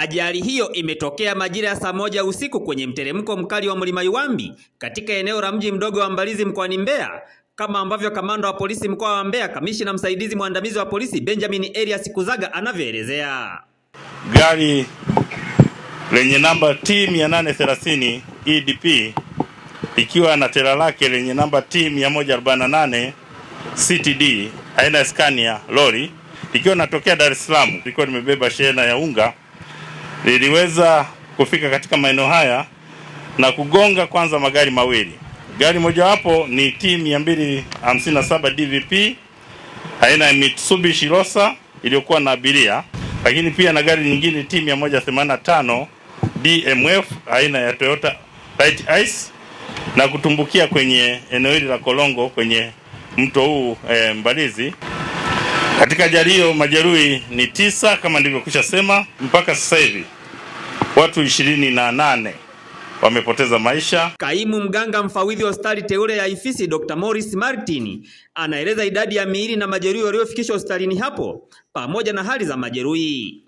Ajali hiyo imetokea majira ya saa moja usiku kwenye mteremko mkali wa mlima Iwambi katika eneo la mji mdogo wa Mbalizi mkoani Mbeya, kama ambavyo kamanda wa polisi mkoa wa Mbeya, kamishina msaidizi mwandamizi wa polisi Benjamin Elias Kuzaga anavyoelezea. Gari lenye namba T 830 EDP likiwa na tela lake lenye namba T 148 CTD aina ya Scania lori likiwa natokea Dar es Salaam, lilikuwa limebeba shehena ya unga liliweza kufika katika maeneo haya na kugonga kwanza magari mawili. Gari mojawapo ni T 257 DVP aina ya Mitsubishi Rosa iliyokuwa na abiria, lakini pia na gari nyingine T 185 DMF aina ya Toyota Light Ice na kutumbukia kwenye eneo hili la Kolongo kwenye mto huu e, Mbalizi. Katika ajali hiyo majeruhi ni tisa kama nilivyokwisha sema. Mpaka sasa hivi watu ishirini na nane wamepoteza maisha. Kaimu mganga mfawidhi wa hospitali teule ya Ifisi Dr. Morris Martin anaeleza idadi ya miili na majeruhi waliofikishwa hospitalini hapo pamoja na hali za majeruhi.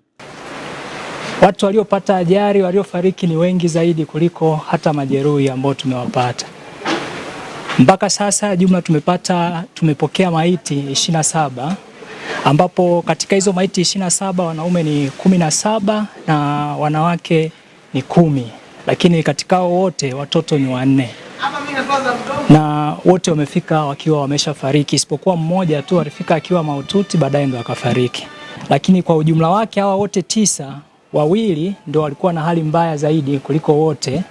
Watu waliopata ajali waliofariki ni wengi zaidi kuliko hata majeruhi ambao tumewapata mpaka sasa. Jumla tumepata tumepokea maiti ishirini na saba ambapo katika hizo maiti 27 na saba wanaume ni kumi na saba na wanawake ni kumi, lakini katika hao wote watoto ni wanne na wote wamefika wakiwa wameshafariki isipokuwa mmoja tu alifika akiwa mahututi, baadaye ndo akafariki. Lakini kwa ujumla wake hawa wote tisa, wawili ndo walikuwa na hali mbaya zaidi kuliko wote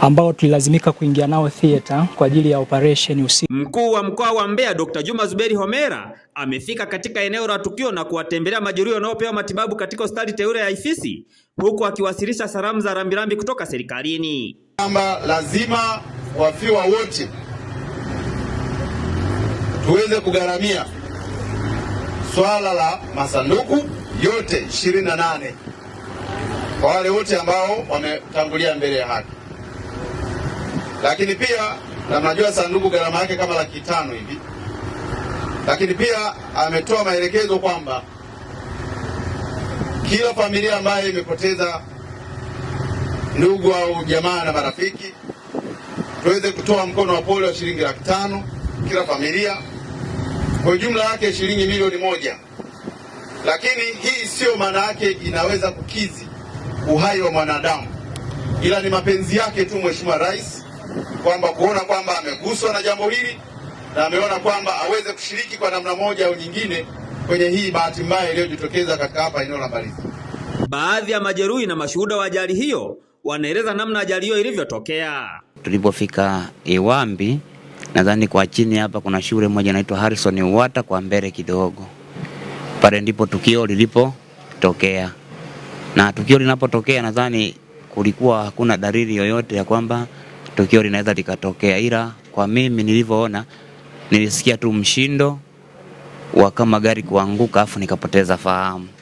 ambao tulilazimika kuingia nao theater kwa ajili ya operation usiku. Mkuu wa mkoa wa Mbeya Dr. Juma Zuberi Homera amefika katika eneo la tukio na kuwatembelea majeruhi wanaopewa matibabu katika hospitali teule ya Ifisi huku akiwasilisha salamu za rambirambi kutoka serikalini. Kama lazima wafiwa wote tuweze kugharamia swala la masanduku yote 28 kwa wale wote ambao wametangulia mbele ya haki lakini pia na mnajua sanduku gharama yake kama laki tano hivi, lakini pia ametoa maelekezo kwamba kila familia ambayo imepoteza ndugu au jamaa na marafiki tuweze kutoa mkono wa pole wa shilingi laki tano kila familia, kwa jumla yake shilingi milioni moja. Lakini hii siyo maana yake inaweza kukizi uhai wa mwanadamu, ila ni mapenzi yake tu Mheshimiwa Rais kwamba kuona kwamba ameguswa na jambo hili na ameona kwamba aweze kushiriki kwa namna moja au nyingine kwenye hii bahati mbaya iliyojitokeza katika hapa eneo la Mbalizi. Baadhi ya majeruhi na mashuhuda wa ajali hiyo wanaeleza namna ajali hiyo ilivyotokea. Tulipofika Iwambi, nadhani kwa chini hapa kuna shule moja inaitwa Harrison Uwata, kwa mbele kidogo pale ndipo tukio lilipotokea, na tukio linapotokea, nadhani kulikuwa hakuna dalili yoyote ya kwamba tukio linaweza likatokea, ila kwa mimi nilivyoona, nilisikia tu mshindo wa kama gari kuanguka afu nikapoteza fahamu.